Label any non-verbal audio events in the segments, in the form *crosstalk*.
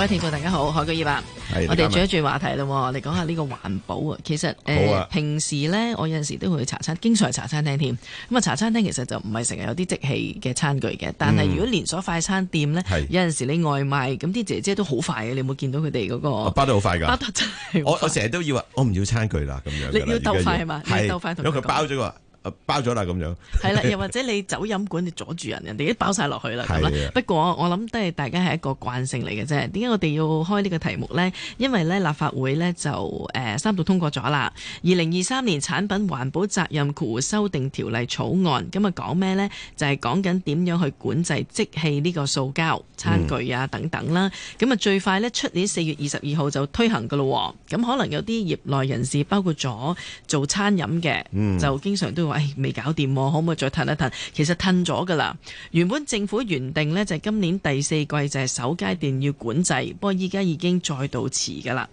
各位聽眾，大家好，海哥葉啊，我哋轉一轉話題咯，嚟講下呢個環保啊。其實誒，平時咧，我有陣時都會去茶餐，經常去茶餐廳添。咁啊，茶餐廳其實就唔係成日有啲即棄嘅餐具嘅。但係如果連鎖快餐店咧，有陣時你外賣，咁啲姐姐都好快嘅。你有冇見到佢哋嗰個？包得好快噶，我我成日都以為，我唔要餐具啦，咁樣。你要兜快係嘛？你兜快同佢。包咗嘅包咗啦咁樣，係 *laughs* 啦，又或者你走飲管，你阻住人，人哋都包晒落去啦。的不過我諗都係大家係一個慣性嚟嘅啫。點解我哋要開呢個題目呢？因為呢立法會呢，就、呃、誒三讀，通過咗啦。二零二三年產品環保責任庫修訂條例草案，咁啊講咩呢？就係講緊點樣去管制即棄呢個塑膠餐具啊等等啦。咁啊、嗯、最快呢，出年四月二十二號就推行噶咯。咁可能有啲業內人士，包括咗做餐飲嘅，就經常都要。未、哎、搞掂，可唔可以再褪一褪？其實褪咗噶啦，原本政府原定呢，就係今年第四季就係首階段要管制，不過依家已經再度遲噶啦。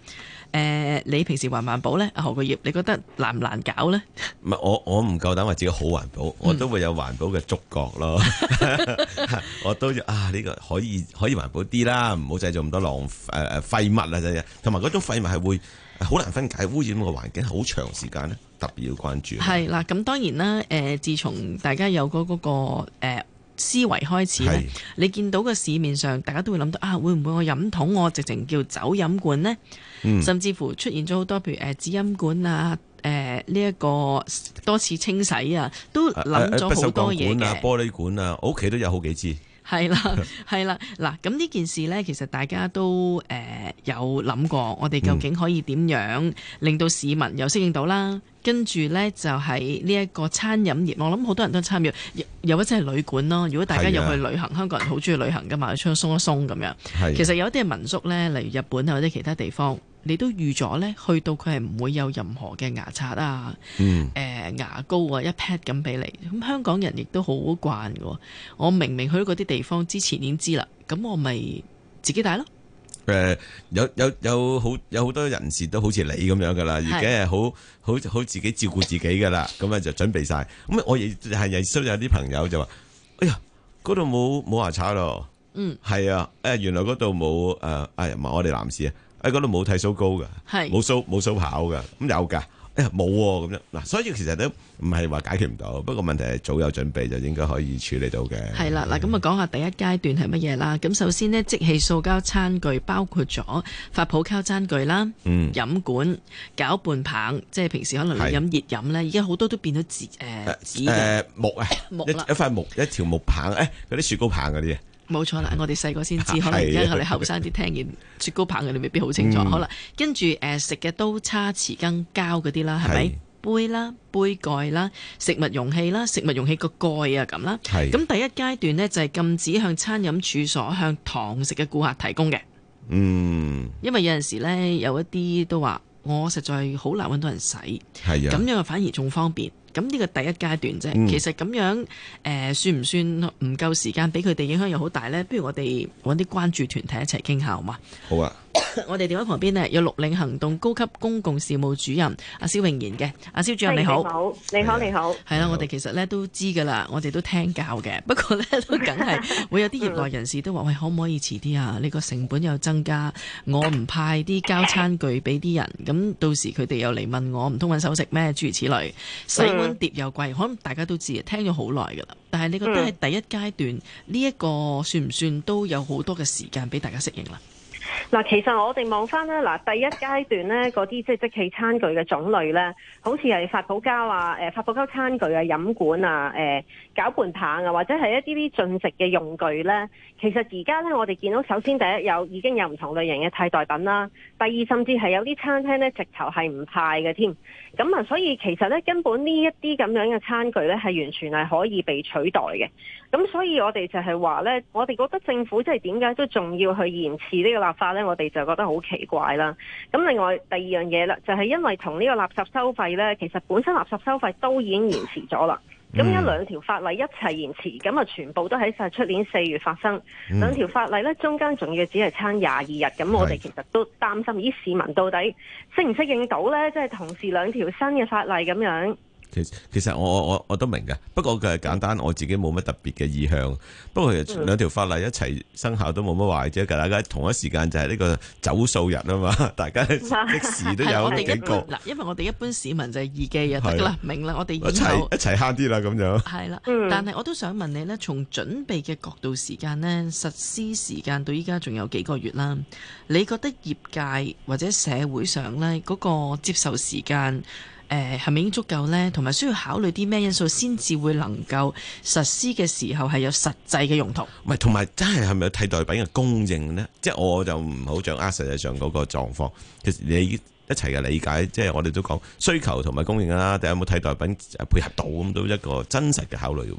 誒、呃，你平時環唔環保呢？何國業，你覺得難唔難搞呢？唔係我，我唔夠膽話自己好環保，我都會有環保嘅觸覺咯。 *laughs* *laughs* *laughs* 我都要啊，呢、這個可以可以環保啲啦，唔好製造咁多浪誒廢、呃、物啊，同埋嗰種廢物係會好難分解，污染個環境好長時間咧。特別要關注係啦，咁當然啦，誒，自從大家有嗰嗰個思維開始是的 你見到個市面上，大家都會諗到啊，會唔會我飲桶，我直情叫走飲管呢？」嗯、甚至乎出現咗好多，譬如誒紙飲管啊，誒呢一個多次清洗啊，都諗咗好多嘢嘅玻璃管啊，我屋企都有好幾支。係啦，係、嗯、啦，嗱，咁呢件事呢，其實大家都誒。呃有諗過，我哋究竟可以點樣令到市民又適應到啦？跟住、嗯、呢，就係呢一個餐飲業，我諗好多人都參與，有或者係旅館咯。如果大家有去旅行，是啊、香港人好中意旅行噶嘛，出去鬆一鬆咁樣。是啊、其實有啲係民宿呢，例如日本或者其他地方，你都預咗呢，去到佢係唔會有任何嘅牙刷啊、嗯呃、牙膏啊一 pad 咁俾你。咁、嗯、香港人亦都好慣嘅。我明明，明去嗰啲地方之前已經知啦，咁我咪自，自己帶咯。誒、呃，有有好有好有好多人士都好似你咁樣噶啦，而家係好好好自己照顧自己噶啦，咁啊就準備晒。咁我亦係日日收有啲朋友就話：哎呀，嗰度冇冇牙刷咯。嗯，係啊，誒，原來嗰度冇誒，唔係、呃、哎、我哋男士啊，喺嗰度冇剃鬚膏噶，冇鬚冇鬚刨噶，咁有噶。冇喎，咁樣嗱，所以其實都唔係話解決唔到，不過問題係早有準備就應該可以處理到嘅。係啦，嗱，咁啊，講下第一階段係乜嘢啦？咁首先咧，即棄塑膠餐具包括咗發泡膠餐具啦，嗯，飲管、攪拌棒，即係平時可能你飲熱飲咧，而家好多都變咗紙誒紙誒木啊木啦，一塊木、一條木棒，誒嗰啲雪糕棒嗰啲啊。冇錯啦，我哋細個先知，可能而家我哋後生啲聽完雪糕棒嘅，你未必好清楚。好啦，跟住誒食嘅刀叉匙羹膠嗰啲啦，係咪？杯啦、杯蓋啦、食物容器啦、食物容器個蓋啊，咁啦。係。咁第一階段呢，就係禁止向餐飲處所向堂食嘅顧客提供嘅。嗯。因為有陣時呢，有一啲都話我實在好難揾到人洗。係咁樣反而仲方便。咁呢個第一階段啫，嗯、其實咁樣誒、呃、算唔算唔夠時間，俾佢哋影響又好大咧？不如我哋搵啲關注團體一齊傾下好嘛？好，好啊。我哋電話旁邊咧，有綠領行動高級公共事務主任阿蕭頴妍嘅。阿蕭主任你好，你好，你好你好，係啦，我哋其實咧都知噶啦，我哋都聽教嘅，不過呢都梗係會有啲業內人士都話 *laughs* 喂，可唔可以遲啲啊？呢個成本又增加，我唔派啲膠餐具俾啲人，咁到時佢哋又嚟問我，唔通揾手食咩？諸如此類，洗碗碟又貴，可能大家都知，聽咗好耐噶啦。但係你覺得喺第一階段，呢一 *laughs* 個算唔算都有好多嘅時間俾大家適應啦？嗱，其實我哋望返咧，嗱第一階段咧，嗰啲即係即棄餐具嘅種類咧，好似係發泡膠啊、誒發泡膠餐具啊、飲管啊、誒、呃、攪拌棒啊，或者係一啲啲進食嘅用具咧。其實而家咧，我哋見到首先第一有已經有唔同類型嘅替代品啦，第二甚至係有啲餐廳咧直頭係唔派嘅添。咁啊，所以其實咧根本呢一啲咁樣嘅餐具咧係完全係可以被取代嘅。咁所以我哋就係話咧，我哋覺得政府即係點解都仲要去延遲呢個立法？咧我哋就覺得好奇怪啦。咁另外第二樣嘢啦，就係、是、因為同呢個垃圾收費呢，其實本身垃圾收費都已經延遲咗啦。咁有兩條法例一齊延遲，咁啊全部都喺晒出年四月發生。兩條、嗯、法例呢，中間仲要只係差廿二日，咁、嗯、我哋其實都擔心，咦，市民到底適唔適應到呢？即係同時兩條新嘅法例咁樣。其其實我我我都明嘅，不過佢係簡單，我自己冇乜特別嘅意向。不過兩條法例一齊生效都冇乜壞啫，大家同一時間就係呢個走數日啊嘛，大家即時都有幾高。嗱 *laughs* 因為我哋一般市民就係二嘅得啦，明啦，我哋一齊一齊慳啲啦，咁樣。係啦，但係我都想問你呢，從準備嘅角度時間、時間呢，實施時間到依家仲有幾個月啦？你覺得業界或者社會上呢嗰個接受時間？誒係咪已經足夠呢？同埋需要考慮啲咩因素先至會能夠實施嘅時候係有實際嘅用途？唔係，同埋真係係咪有替代品嘅供應呢？即係我就唔好掌握實際上嗰個狀況。其實你一齊嘅理解，即係我哋都講需求同埋供應啦，定有冇替代品配合到，咁都一個真實嘅考慮喎？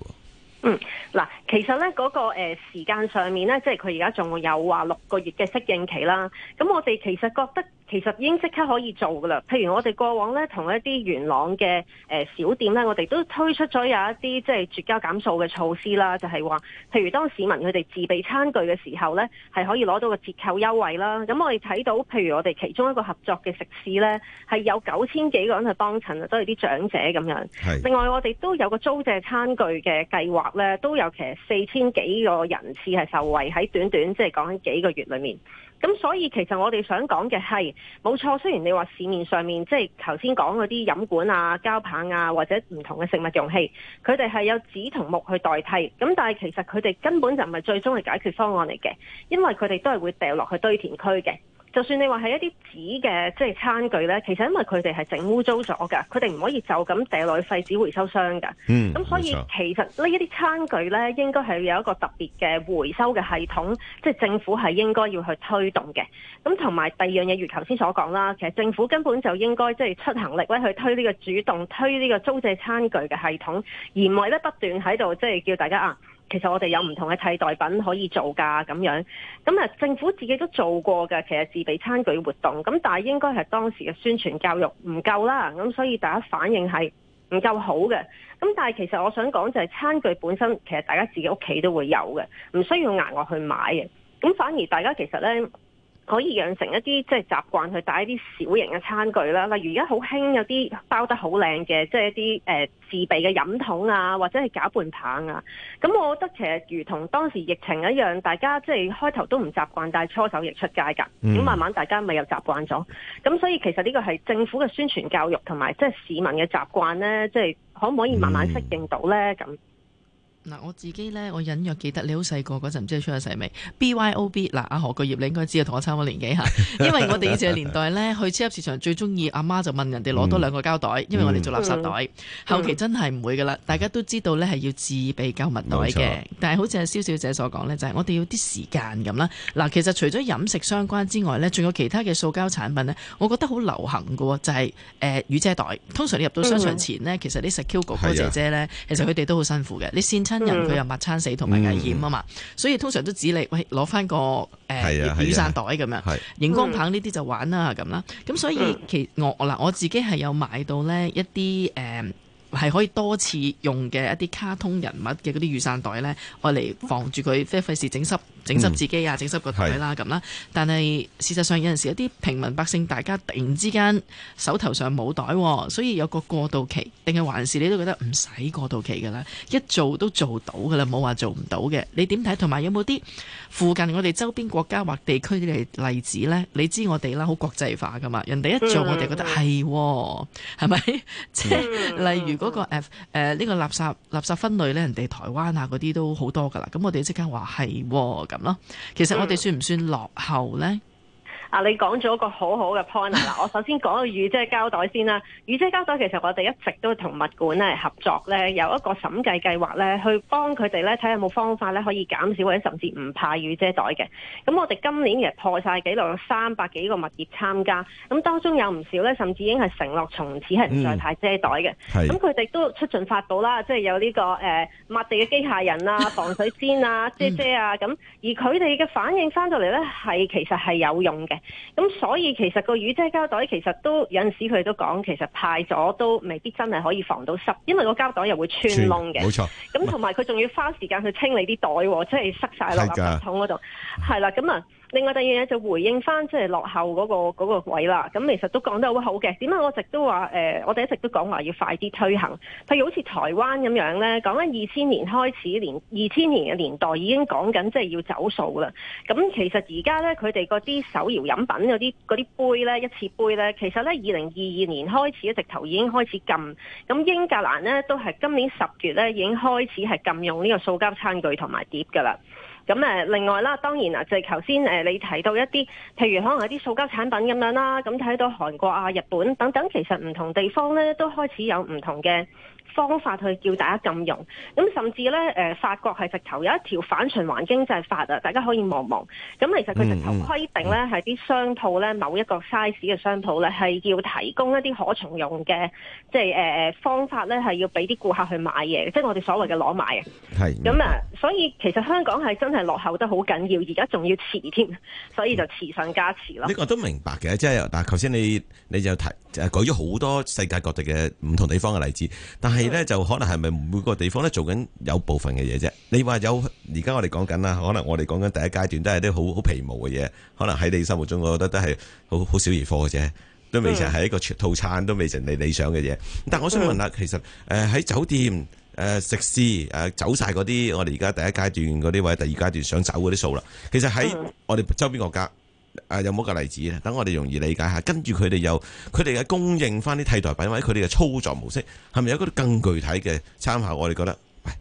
嗯，嗱，其實咧嗰個誒時間上面咧，即係佢而家仲有話六個月嘅適應期啦。咁我哋其實覺得其實已經即刻可以做噶啦。譬如我哋過往咧同一啲元朗嘅誒小店咧，我哋都推出咗有一啲即係絕膠減塑嘅措施啦，就係話，譬如當市民佢哋自備餐具嘅時候咧，係可以攞到個折扣優惠啦。咁我哋睇到譬如我哋其中一個合作嘅食肆咧，係有九千幾個人去幫襯啊，都係啲長者咁樣。是另外我哋都有個租借餐具嘅計劃。都有其實四千幾個人次係受惠喺短短，即係講緊幾個月裏面，咁所以其實我哋想講嘅係冇錯，雖然你話市面上面即係頭先講嗰啲飲管啊、膠棒啊或者唔同嘅食物容器，佢哋係有紙同木去代替，咁但係其實佢哋根本就唔係最終嘅解決方案嚟嘅，因為佢哋都係會掉落去堆填區嘅。就算你話係一啲紙嘅，即係餐具呢，其實因為佢哋係整污糟咗嘅，佢哋唔可以就咁掉落去廢紙回收箱嘅。嗯，咁所以其實呢一啲餐具呢，應該係有一個特別嘅回收嘅系統，即係政府係應該要去推動嘅。咁同埋第二樣嘢，如頭先所講啦，其實政府根本就應該即係出行力去推呢個主動推呢個租借餐具嘅系統，而唔係咧不斷喺度即係叫大家啊。其實我哋有唔同嘅替代品可以做㗎，咁樣咁啊，政府自己都做過嘅，其實自備餐具活動，咁但係應該係當時嘅宣傳教育唔夠啦，咁所以大家反應係唔夠好嘅。咁但係其實我想講就係餐具本身，其實大家自己屋企都會有嘅，唔需要額外去買嘅。咁反而大家其實呢，可以養成一啲即係習慣去帶一啲小型嘅餐具啦，例如而家好興有啲包得好靚嘅，即係一啲誒、呃、自備嘅飲筒啊，或者係攪拌棒啊。咁我覺得其實如同當時疫情一樣，大家即係開頭都唔習慣帶搓手液出街㗎。咁慢慢大家咪又習慣咗。咁、mm. 所以其實呢個係政府嘅宣傳教育同埋即係市民嘅習慣咧，即係可唔可以慢慢適應到咧？咁。Mm. 嗱、啊，我自己咧，我隱約記得你好細個嗰陣唔知你出咗世未？B Y O B，嗱、啊、阿何桂葉，你應該知啊，同我差唔多年紀吓，因為我哋呢隻年代咧 *laughs* 去超級市場最中意阿媽就問人哋攞多兩個膠袋，因為我哋做垃圾袋。嗯、後期真係唔會噶啦，大家都知道咧係要自備購物袋嘅。嗯、但係好似阿蕭小姐所講咧，就係、是、我哋要啲時間咁啦。嗱、啊，其實除咗飲食相關之外咧，仲有其他嘅塑膠產品咧，我覺得好流行噶，就係、是、誒、呃、雨遮袋。通常你入到商場前咧，嗯嗯、其實啲 security 哥哥姐姐咧，啊、其實佢哋都好辛苦嘅，你先。親人佢又抹撐死，同埋危險啊嘛，嗯、所以通常都指你喂攞返個誒、呃啊、雨傘袋咁、啊、樣，熒、啊、光棒呢啲就玩啦咁啦，咁所以、嗯、其實我嗱我自己係有買到咧一啲誒係可以多次用嘅一啲卡通人物嘅嗰啲雨傘袋咧，愛嚟防住佢，非費事整濕。整濕自己啊，整濕個袋啦咁啦，但係事實上有陣時一啲平民百姓，大家突然之間手頭上冇袋、啊，所以有個過渡期，定係還是你都覺得唔使過渡期㗎啦？一做都做到㗎啦，冇話做唔到嘅。你點睇？同埋有冇啲附近我哋周邊國家或地區啲例子呢？你知我哋啦，好國際化㗎嘛。人哋一做我哋覺得係，係咪、 *laughs* 啊？即係 *laughs* 例如嗰個誒呢、呃呢個垃圾垃圾分類呢，人哋台灣啊嗰啲都好多㗎啦。咁我哋即刻話係。嗯咁咯，其實我哋算唔算落後呢？啊！你講咗一個好好嘅 point 啦。嗱，我首先講個雨遮膠袋先啦。雨遮膠袋其實我哋一直都同物管咧合作咧，有一個審計計劃咧，去幫佢哋咧睇下有冇方法咧可以減少或者甚至唔派雨遮袋嘅。咁我哋今年破晒破曬紀錄有三百幾個物業參加，咁當中有唔少咧，甚至已經係承諾從此係唔再派遮袋嘅。咁佢哋都出盡法寶啦，即係有呢、這個誒、呃、抹地嘅機械人啊、防水氈啊、遮遮啊咁。而佢哋嘅反應翻到嚟咧，係其實係有用嘅。咁、嗯、所以其實個雨遮膠袋其實都有陣時佢哋都講，其實派咗都未必真係可以防到濕，因為個膠袋又會穿窿嘅，冇錯錯。咁同埋佢仲要花時間去清理啲袋，即係塞晒落垃圾桶嗰度，係啦的，咁啊。嗯另外第二樣就回應翻即係落後嗰、那個那個位啦，咁、嗯、其實都講得好好嘅。點解我一直都話誒、呃，我哋一直都講話要快啲推行？譬如好似台灣咁樣咧，講緊二千年開始年二千年嘅年代已經講緊即係要走數啦。咁、嗯、其實而家咧，佢哋嗰啲手搖飲品嗰啲啲杯咧，一次杯咧，其實咧二零二二年開始一直頭已經開始禁。咁、嗯、英格蘭咧都係今年十月咧已經開始係禁用呢個塑膠餐具同埋碟㗎啦。咁誒，另外啦，當然啊，就係頭先誒，你提到一啲，譬如可能一啲塑膠產品咁樣啦，咁睇到韓國啊、日本等等，其實唔同地方咧，都開始有唔同嘅方法去叫大家禁用，咁甚至咧，誒法國係直頭有一條反循環經濟法啊，大家可以望望。咁其實佢直頭規定咧，係啲商鋪咧，某一個 size 嘅商鋪咧，係要提供一啲可重用嘅，即係誒、呃、方法咧，係要俾啲顧客去買嘢，即係我哋所謂嘅攞買嘅。係是。咁啊，所以其實香港係真係落後得好緊要，而家仲要遲添，所以就遲上加遲。咯、嗯。呢個都明白嘅，即係嗱，頭先你你就提誒舉咗好多世界各地嘅唔同地方嘅例子，但係。係咧，就可能係咪每個地方咧做緊有部分嘅嘢啫？你話有而家我哋講緊啦，可能我哋講緊第一階段都係啲好好皮毛嘅嘢，可能喺你心目中我覺得都係好好小兒科嘅啫，都未成係一個全套餐，都未成你理想嘅嘢。但我想問下，其實誒喺、呃、酒店誒、呃、食肆誒、呃、走晒嗰啲，我哋而家第一階段嗰啲或者第二階段想走嗰啲數啦，其實喺我哋周邊國家。誒有冇個例子咧？等我哋容易理解下。跟住佢哋又，佢哋嘅供應返啲替代品或者佢哋嘅操作模式，係咪有嗰啲更具體嘅參考？我哋覺得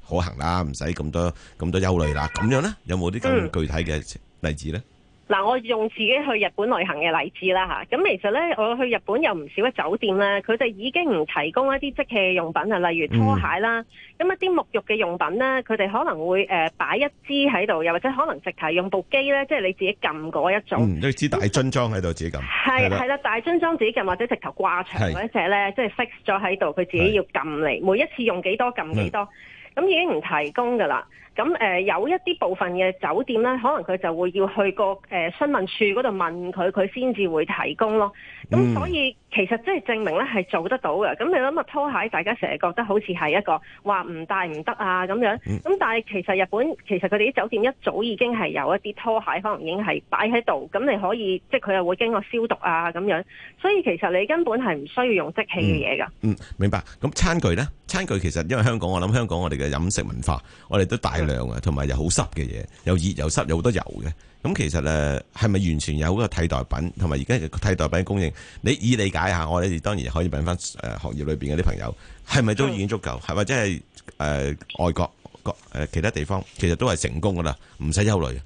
可行啦，唔使咁多咁多憂慮啦。咁樣呢，有冇啲更具體嘅例子呢？嗱，我用自己去日本旅行嘅例子啦吓，咁其實咧，我去日本有唔少嘅酒店咧，佢哋已經唔提供一啲即棄用品啊，例如拖鞋啦，咁、嗯、一啲沐浴嘅用品咧，佢哋可能會誒擺、呃、一支喺度，又或者可能直頭用部機咧，即係你自己撳嗰一種，嗯、一支大樽裝喺度自己撳，係係啦，大樽裝自己撳或者直頭掛牆嗰一隻咧，即係 fix 咗喺度，佢、就是、自己要撳嚟的，每一次用幾多撳幾多，咁已經唔提供㗎喇。嗯嗯。咁誒有一啲部分嘅酒店咧，可能佢就會要去個誒、呃、新聞處嗰度問佢，佢先至會提供咯。咁、嗯、所以其實即係證明咧係做得到嘅。咁你諗下拖鞋，大家成日覺得好似係一個話唔帶唔得啊咁樣。咁、嗯、但係其實日本其實佢哋啲酒店一早已經係有一啲拖鞋，可能已經係擺喺度。咁你可以即係佢又會經過消毒啊咁樣。所以其實你根本係唔需要用即棄嘅嘢㗎。嗯，明白。咁餐具咧，餐具其實因為香港，我諗香港我哋嘅飲食文化，我哋都大。同埋又好濕嘅嘢，又熱又濕，有好多油嘅，咁其實誒係咪完全有嗰個替代品？同埋而家嘅替代品供應，你以理解下，我哋當然可以問翻誒行業裏邊啲朋友，係咪都已經足夠？係或者係誒外國國誒、呃、其他地方，其實都係成功噶啦，唔使憂慮。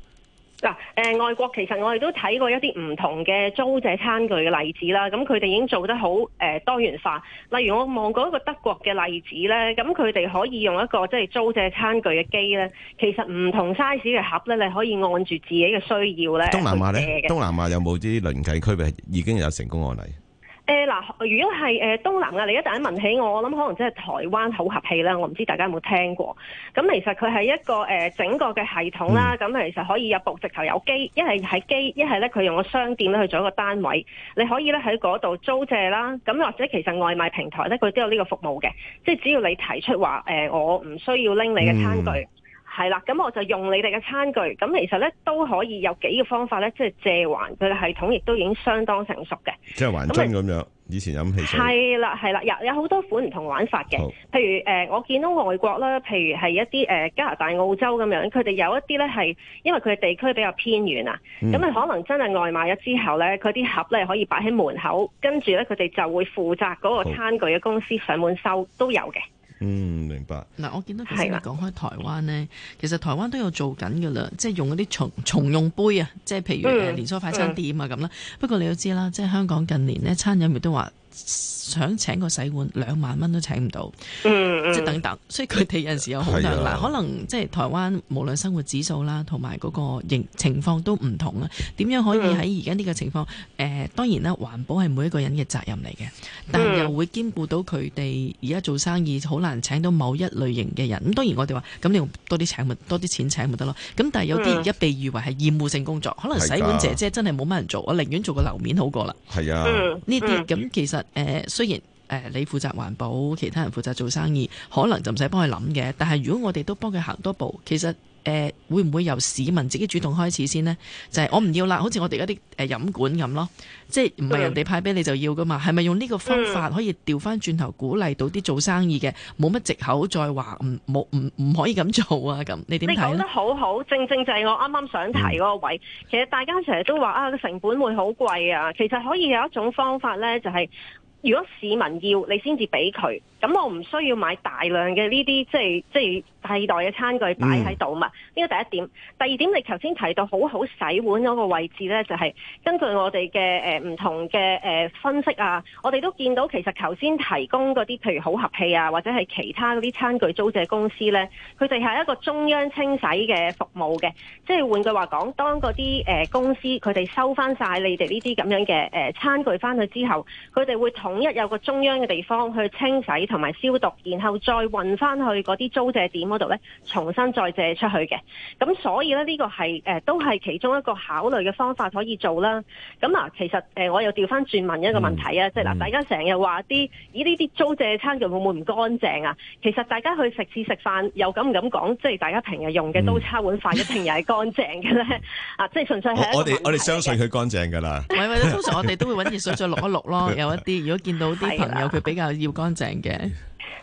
誒、呃，外國其實我哋都睇過一啲唔同嘅租借餐具嘅例子啦，咁佢哋已經做得好誒、呃、多元化。例如我望過一個德國嘅例子呢，咁佢哋可以用一個即係租借餐具嘅機呢。其實唔同 size 嘅盒呢，你可以按住自己嘅需要。呢，東南亞咧，東南亞有冇啲鄰近區域已經有成功案例？誒嗱、欸，如果係誒、呃、東南嘅，你一陣間問起我，我諗可能真係台灣好合氣啦。我唔知大家有冇聽過。咁其實佢係一個誒、呃、整個嘅系統啦。咁其實可以有部直頭有機，一係喺機，一係咧佢用個商店咧去做一個單位。你可以咧喺嗰度租借啦。咁或者其實外賣平台咧，佢都有呢個服務嘅。即係只要你提出話，誒、呃、我唔需要拎你嘅餐具。嗯。係啦，咁我就用你哋嘅餐具，咁其實咧都可以有幾個方法咧，即係借還佢嘅系統，亦都已經相當成熟嘅，即係還樽咁樣，就以前飲汽水。係啦，係啦，有有好多款唔同玩法嘅好、呃。譬如誒，我見到外國啦，譬如係一啲誒加拿大、澳洲咁樣，佢哋有一啲咧係因為佢嘅地區比較偏遠啊，咁啊、嗯、可能真係外賣咗之後咧，佢啲盒咧可以擺喺門口，跟住咧佢哋就會負責嗰個餐具嘅公司上門收，都有嘅。嗯，明白。嗱，嗯，我見到頭先你講開台灣咧，的其實台灣都有做緊嘅啦，即係用嗰啲重重用杯啊，即係譬如誒連鎖快餐店啊咁啦。的不過你都知啦，即係香港近年咧，餐飲業都話。想請個洗碗兩萬蚊都請唔到，嗯、即等等，所以佢哋有陣時有好難、啊啊。可能即係台灣無論生活指數啦，同埋嗰個形情況都唔同啦。點樣可以喺而家呢個情況？誒、嗯呃，當然啦，環保係每一個人嘅責任嚟嘅，但又會兼顧到佢哋而家做生意好難請到某一類型嘅人。咁當然我哋話，咁你用多啲請咪多啲錢請咪得咯。咁但係有啲而家被譽為係厭惡性工作，可能洗碗姐姐真係冇乜人做，我寧願做個樓面好過啦。係啊，呢啲咁其實。誒、呃，雖然誒、呃，你負責環保，其他人負責做生意，可能就唔使幫佢諗嘅。但係如果我哋都幫佢行多步，其實。誒，會唔會由市民自己主動開始先呢？就係、是、我唔要啦，好似我哋一啲誒飲管咁咯，即係唔係人哋派俾你就要噶嘛？係咪、mm. 用呢個方法可以調翻轉頭鼓勵到啲做生意嘅冇乜藉口再話唔冇唔唔可以咁做啊？咁你點睇咧？你講得好好，正正就係我啱啱想提嗰個位。Mm. 其實大家成日都話啊，成本會好貴啊。其實可以有一種方法呢、就是，就係如果市民要，你先至俾佢。咁我唔需要買大量嘅呢啲即係即係替代嘅餐具擺喺度嘛？呢個、mm. 第一點。第二點，你頭先提到好好洗碗嗰個位置呢，就係、是、根據我哋嘅誒唔同嘅誒、呃、分析啊，我哋都見到其實頭先提供嗰啲譬如好盒器啊，或者係其他嗰啲餐具租借公司呢，佢哋係一個中央清洗嘅服務嘅。即係換句話講，當嗰啲誒公司佢哋收翻晒你哋呢啲咁樣嘅誒、呃、餐具翻去之後，佢哋會統一有個中央嘅地方去清洗。同埋消毒，然後再運翻去嗰啲租借點嗰度呢，重新再借出去嘅。咁所以呢，呢、呢個係誒、呃、都係其中一個考慮嘅方法可以做啦。咁啊，其實誒、呃、我又調翻轉問一個問題啊，嗯、即係嗱，大家成日話啲咦，呢啲租借餐具會唔會唔乾淨啊？其實大家去食肆食飯，又敢唔敢講，即係大家平日用嘅刀叉碗筷一定又係乾淨嘅呢？啊，即係純粹係我哋我哋相信佢乾淨噶啦。唔係、嗯嗯嗯，通常我哋都會揾熱水再渌一渌咯，有一啲如果見到啲朋友佢比較要乾淨嘅。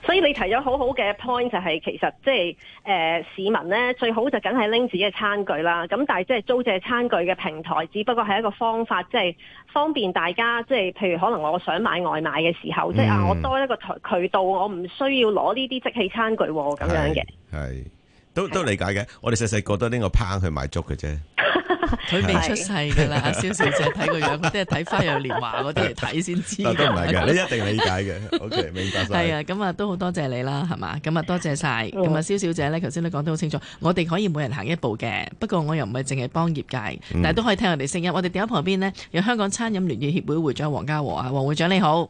所以你提咗好好嘅 point 就係，其實即係誒、市民咧最好就梗係拎自己嘅餐具啦，咁但係即係租借餐具嘅平台只不過係一個方法，即係方便大家即係譬如可能我想買外賣嘅時候，即係啊我多一個渠道，我唔需要攞呢啲即棄餐具啊，咁樣嘅。係都都理解嘅，啊、我哋細細個都拎個煲去買粥嘅啫。 *laughs* 佢未出世噶啦，蕭 *laughs* 小，小姐睇個樣嗰啲，睇 *laughs* 花樣年華嗰啲嚟睇先知。唔係嘅， *laughs* 你一定理解嘅。O、okay, K，明白晒。係啊，咁啊都好多謝你啦，係嘛、嗯？咁啊多謝晒。咁啊，蕭小姐咧，頭先都講得好清楚。我哋可以每人行一步嘅，不過我又唔係淨係幫業界，但係都可以聽我哋聲音。我哋電話旁邊呢，有香港餐飲聯業協會會，會長黃家和啊，黃會長你好。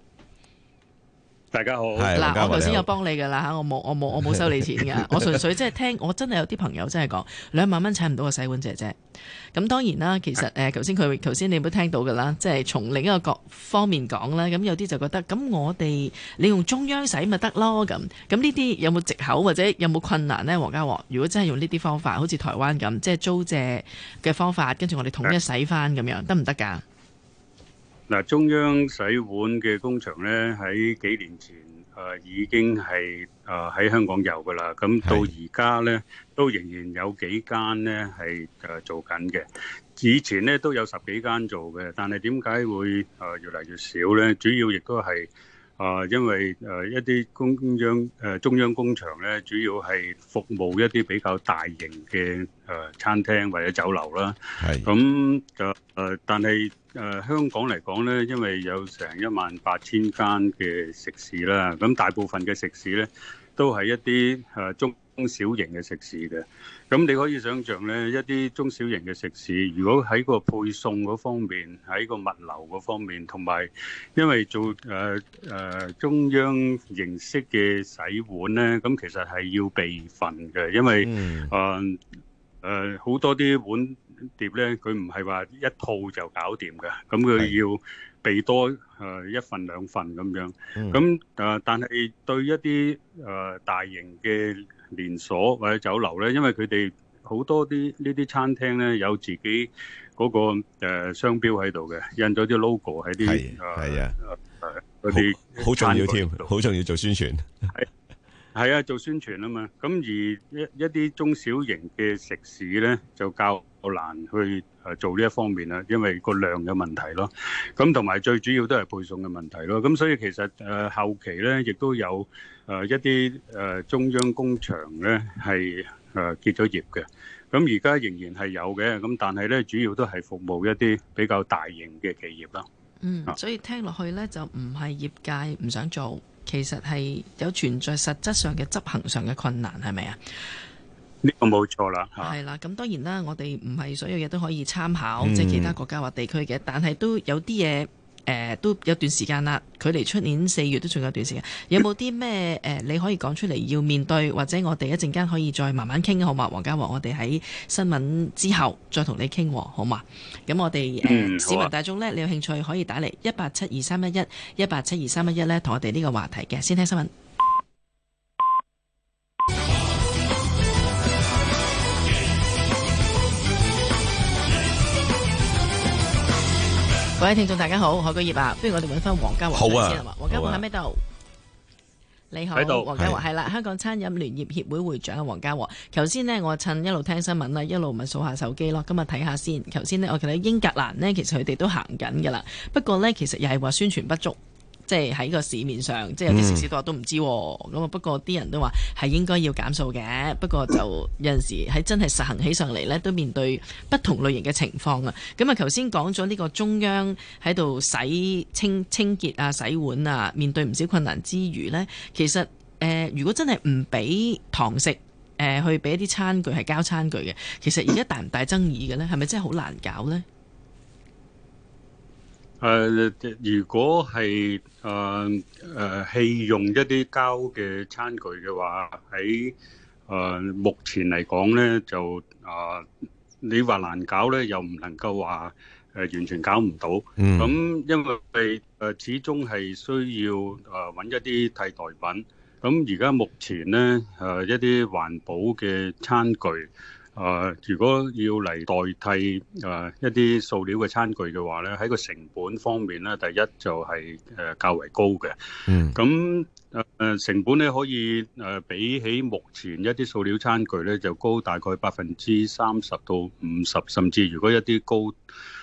大家好。嗱，我頭先有幫你噶啦吓，我冇我冇我冇收你錢噶， *laughs* 我純粹即係聽，我真係有啲朋友真係講兩萬蚊請唔到個洗碗姐姐。咁當然啦，其實誒，頭先佢頭先你都聽到噶啦，即係從另一個角方面講啦。咁有啲就覺得，咁我哋你用中央洗咪得咯咁。咁呢啲有冇藉口或者有冇困難呢？黃家和，如果真係用呢啲方法，好似台灣咁，即係租借嘅方法，跟住我哋統一洗翻咁樣，得唔得噶？嗱，中央洗碗嘅工場咧，喺幾年前誒、呃、已經係誒喺香港有噶啦，咁到而家咧都仍然有幾間咧係誒做緊嘅。以前咧都有十幾間做嘅，但係點解會誒越嚟越少咧？主要亦都係。啊，因為誒、呃、一啲中央誒、呃、中央工場咧，主要係服務一啲比較大型嘅誒、呃、餐廳或者酒樓啦。係咁就誒，但係誒、呃、香港嚟講咧，因為有成一萬八千間嘅食肆啦，咁大部分嘅食肆咧都係一啲誒、呃、中。中小型嘅食肆嘅，咁你可以想象咧，一啲中小型嘅食肆，如果喺個配送嗰方面，喺個物流嗰方面，同埋因為做誒誒中央形式嘅洗碗咧，咁其實係要備份嘅，因為誒誒好多啲碗碟咧，佢唔係話一套就搞掂嘅，咁佢要備多誒一份兩份咁樣。咁誒，但係對一啲誒大型嘅。連鎖或者酒樓咧，因為佢哋好多啲呢啲餐廳咧，有自己嗰、嗰個誒、呃、商標喺度嘅，印咗啲 logo 喺啲係啊，嗰啲好重要添，好重要做宣傳。係啊，做宣傳吖嘛。咁而一一啲中小型嘅食肆咧，就較難去誒做呢一方面啦，因為個量有問題咯。咁同埋最主要都係配送嘅問題咯。咁所以其實誒後期咧，亦都有誒一啲誒中央工場咧係誒結咗業嘅。咁而家仍然係有嘅。咁但係咧，主要都係服務一啲比較大型嘅企業啦。嗯，所以聽落去咧，就唔係業界唔想做。其實係有存在實質上嘅執行上嘅困難，係咪啊？呢個冇錯啦，係啦。咁當然啦，我哋唔係所有嘢都可以參考，嗯、即係其他國家或地區嘅，但係都有啲嘢。誒、呃，都有段時間啦，距離出年四月都仲有段時間。有冇啲咩誒，你可以講出嚟要面對，或者我哋一陣間可以再慢慢傾，好嘛？黃家和，我哋喺新聞之後再同你傾，好嘛？咁我哋誒、呃嗯啊、市民大眾呢，你有興趣可以打嚟一八七二三一一一八七二三一一呢，同我哋呢個話題嘅。先聽新聞。各位聽眾大家好，何國業啊，不如我哋揾翻黃家和先好啊嘛，黃家和喺邊度？你好，喺度這。黃家和係啦，香港餐飲聯業協會會會長黃家和。頭先 *laughs* 呢，我趁一路聽新聞啦，一路咪數下手機咯。今日睇下先，頭先呢，我其實英格蘭呢，其實佢哋都行緊噶啦，不過呢，其實又係話宣傳不足。即係喺個市面上，即係有啲食肆都話都唔知咁啊。Mm. 不過啲人都話係應該要減塑嘅，不過就有陣時喺真係實行起上嚟呢，都面對不同類型嘅情況啊。咁啊，頭先講咗呢個中央喺度洗清清潔啊、洗碗啊，面對唔少困難之餘呢。其實誒、呃，如果真係唔俾堂食誒、呃、去俾一啲餐具係膠餐具嘅，其實而家大唔大爭議嘅呢？係咪真係好難搞呢？誒，如果係誒誒棄用一啲膠嘅餐具嘅話，喺誒目前嚟講咧，就誒你話難搞咧，又唔能夠話誒完全搞唔到。咁因為誒始終係需要誒揾一啲替代品。咁而家目前咧誒一啲環保嘅餐具。啊、呃，如果要嚟代替啊、呃、一啲塑料嘅餐具嘅話呢，咧，喺個成本方面咧，第一就係、是、誒、呃、較為高嘅。嗯。咁誒誒成本咧可以誒、呃、比起目前一啲塑料餐具咧就高大概百分之三十到五十，甚至如果一啲高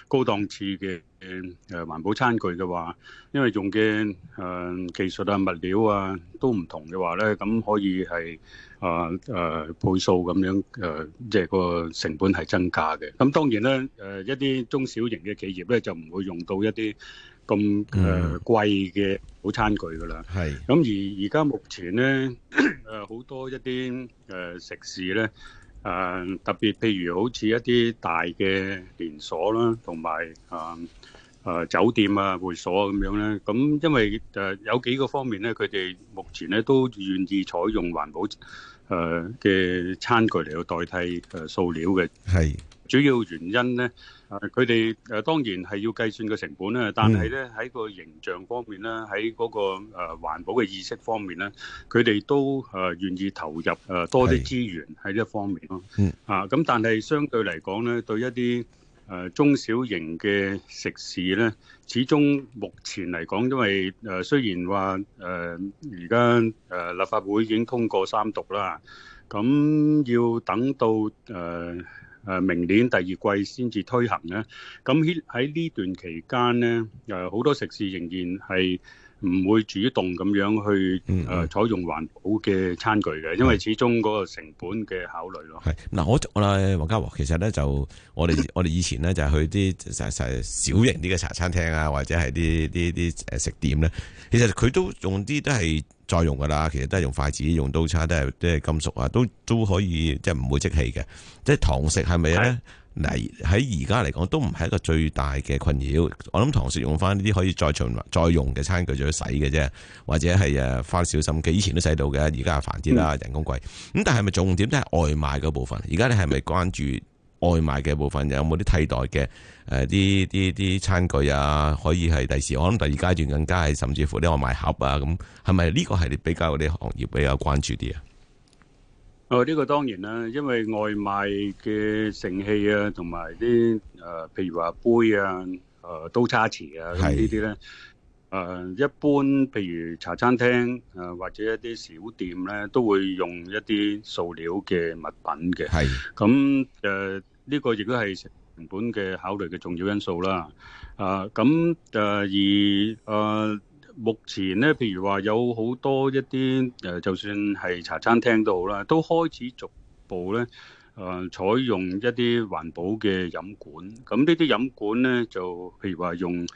高檔次嘅誒、呃、環保餐具嘅話，因為用嘅誒、呃、技術啊、物料啊都唔同嘅話呢，咧，咁可以係。啊！誒倍數咁樣誒，即係個成本係增加嘅。咁當然咧，誒一啲中小型嘅企業咧，就唔會用到一啲咁誒貴嘅好餐具噶啦。係咁而而家目前咧，誒好多一啲誒食肆咧，誒特別譬如好似一啲大嘅連鎖啦，同埋誒誒酒店啊、會所啊咁樣咧。咁因為誒有幾個方面咧，佢哋目前咧都願意採用環保。誒嘅、呃、餐具嚟去代替誒塑、呃、料嘅，係是主要原因咧。誒佢哋誒當然係要計算個成本啦。但係咧，喺個形象方面咧，喺嗰、那個環、呃、保嘅意識方面咧，佢哋都誒、呃、願意投入誒、呃、多啲資源喺呢一方面咯。是嗯、啊，咁但係相對嚟講咧，對一啲。誒、呃、中小型嘅食肆咧，始終目前嚟講，因為誒、呃、雖然話誒而家誒立法會已經通過三讀啦，咁要等到誒誒、呃、明年第二季先至推行咧。咁喺呢段期間咧，誒、呃、好多食肆仍然係，唔會主動咁樣去誒採用環保嘅餐具嘅，嗯、因為始終嗰個成本嘅考慮咯。係嗱，我我啦，黃家和，其實咧就我哋 *laughs* 我哋以前咧就係去啲細細小型啲嘅茶餐廳啊，或者係啲啲啲誒食店咧，其實佢都用啲都係。再用㗎喇，其實都係用筷子、用刀叉，都係都係金屬啊，都都可以即係唔會即棄嘅。即係堂食係咪咧？嗱 Okay.，喺而家嚟講都唔係一個最大嘅困擾。我諗堂食用返呢啲可以再循環、再用嘅餐具就可以洗嘅啫，或者係誒花小心機。以前都洗到嘅，而家係煩啲啦，人工貴。咁但係咪重點都係外賣嗰部分？而家你係咪關注？外賣嘅部分有冇啲替代嘅，誒啲啲啲餐具啊？可以係第時，我諗第二階段更加係，甚至乎啲外賣盒啊咁，係咪呢個係比較啲行業比較關注啲啊？哦、呃、呢、這個當然啦，因為外賣嘅盛器啊，同埋啲誒，譬如話杯啊、誒、呃、刀叉匙啊，是呢啲咧。誒一般，譬如茶餐廳誒或者一啲小店咧，都會用一啲塑料嘅物品嘅。係的。咁誒呢個亦都係成本嘅考慮嘅重要因素啦。啊、呃，咁誒而誒目前咧，譬如話有好多一啲誒、呃，就算係茶餐廳都好啦，都開始逐步咧誒、呃、採用一啲環保嘅飲管。咁呢啲飲管咧，就譬如話用。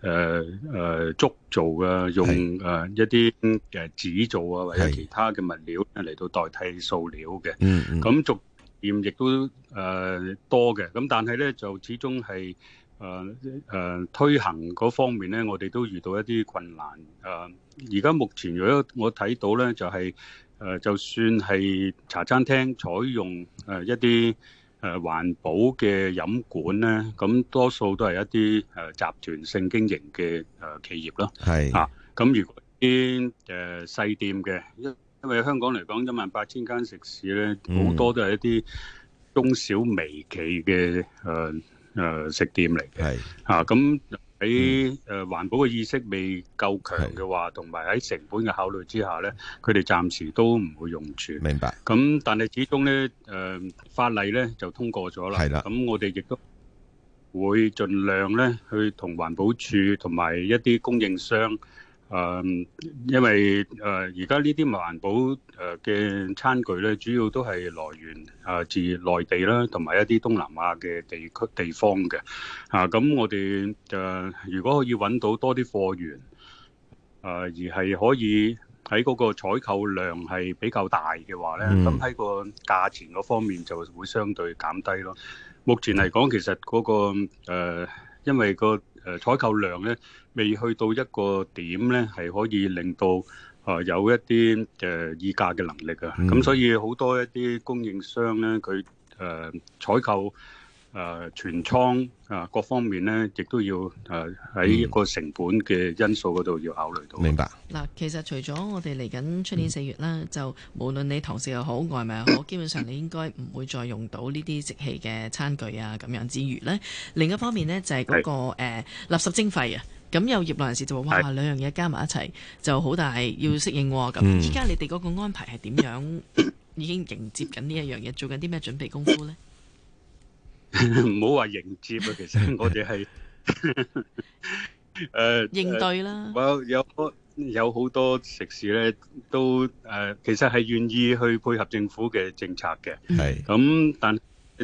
誒誒，竹做嘅用誒、呃、一啲嘅紙做啊，或者其他嘅物料嚟到代替塑料嘅。咁逐漸亦都誒、呃、多嘅，咁但係咧就始終係誒誒推行嗰方面咧，我哋都遇到一啲困難。誒而家目前如果我睇到咧，就係、是、誒、呃、就算係茶餐廳採用誒一啲。誒、呃、環保嘅飲管咧，咁、嗯、多數都係一啲誒、呃、集團性經營嘅誒、呃、企業咯。係啊，咁如果啲誒、呃、細店嘅，因因為香港嚟講一萬八千間食肆咧，好多都係一啲中小微企嘅誒誒食店嚟嘅。係啊，咁、嗯。嗯喺誒環保嘅意識未夠強嘅話，同埋喺成本嘅考慮之下呢，佢哋暫時都唔會用住。明白。咁但係始終呢，誒法例呢就通過咗啦。係啦。咁我哋亦都會盡量呢去同環保署同埋一啲供應商。誒、嗯，因為誒而家呢啲環保誒嘅、呃、餐具咧，主要都係來源啊、呃、自內地啦，同埋一啲東南亞嘅地區地方嘅。啊，咁我哋誒、呃、如果可以揾到多啲貨源，誒、呃，而係可以喺嗰個採購量係比較大嘅話咧，咁喺、嗯、個價錢嗰方面就會相對減低咯。目前嚟講，其實嗰、嗰個誒、呃，因為、嗰個。誒，採購量咧未去到一個點咧，係可以令到啊、呃、有一啲誒、呃、議價嘅能力啊，咁、嗯、所以好多一啲供應商咧，佢誒採購。呃誒存倉啊，各方面咧，亦都要誒喺一個成本嘅因素嗰度要考慮到。明白嗱，其實除咗我哋嚟緊出年四月啦，就無論你堂食又好，外賣又好，基本上你應該唔會再用到呢啲即棄嘅餐具啊，咁樣之餘咧，另一方面咧就係嗰個誒垃圾徵費啊，咁有業內人士就話：哇，兩樣嘢加埋一齊就好大要適應喎。咁依家你哋嗰個安排係點樣？已經迎接緊呢一樣嘢，做緊啲咩準備功夫咧？唔好話迎接啊！其實我哋係誒應對啦。呃、有有好多食肆咧都誒、呃，其實係願意去配合政府嘅政策嘅。係咁是、嗯，但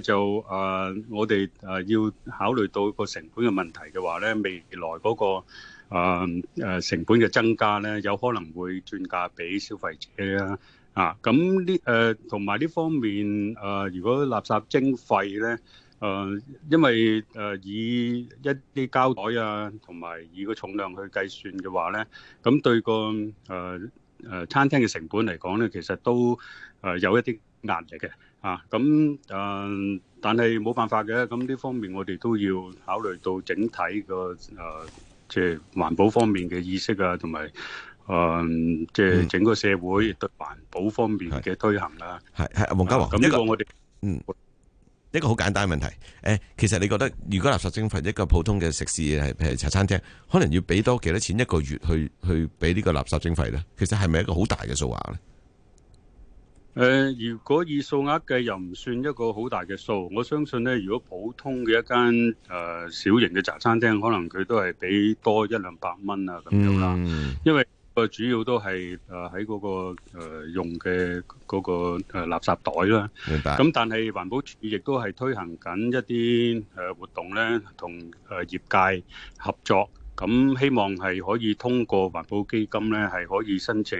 就誒、呃、我哋誒要考慮到個成本嘅問題嘅話咧，未來嗰、那個誒誒、呃、成本嘅增加咧，有可能會轉嫁俾消費者啦、啊。啊，咁呢誒同埋呢方面誒、呃，如果垃圾徵費咧。誒、呃，因為誒、呃、以一啲膠袋啊，同埋以個重量去計算嘅話咧，咁對個誒誒、呃呃、餐廳嘅成本嚟講咧，其實都誒有一啲壓力嘅吓。咁、啊、誒、啊，但係冇辦法嘅。咁呢方面我哋都要考慮到整體個誒、呃，即係環保方面嘅意識啊，同埋誒，即係整個社會對環保方面嘅推行啦、啊。係係、嗯，黃、啊、家和。咁呢、啊、個我哋嗯。一個好簡單嘅問題，誒，其實你覺得如果垃圾徵費，一個普通嘅食肆係譬如茶餐廳，可能要俾多幾多錢一個月去去俾呢個垃圾徵費呢？其實係咪一個好大嘅數額呢？誒，如果以數額計，又唔算一個好大嘅數。我相信呢，如果普通嘅一間誒小型嘅茶餐廳，可能佢都係俾多一兩百蚊啊咁樣啦，因為。個主要都係誒喺嗰個誒用嘅嗰個誒垃圾袋啦。明白。咁但係環保署亦都係推行緊一啲誒活動咧，同誒業界合作。咁希望係可以通過環保基金咧，係可以申請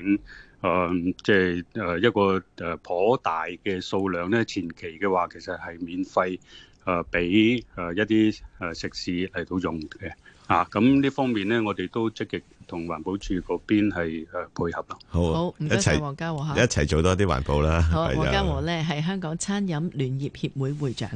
誒，即係誒一個誒頗大嘅數量咧。前期嘅話，其實係免費誒俾誒一啲誒食肆嚟到用嘅。啊，咁呢方面呢，我哋都積極同環保署嗰邊係配合咯。好，唔該好，起黃家和，一齊做多啲環保啦。好，啊、黃家和呢，係香港餐飲聯業協會會長。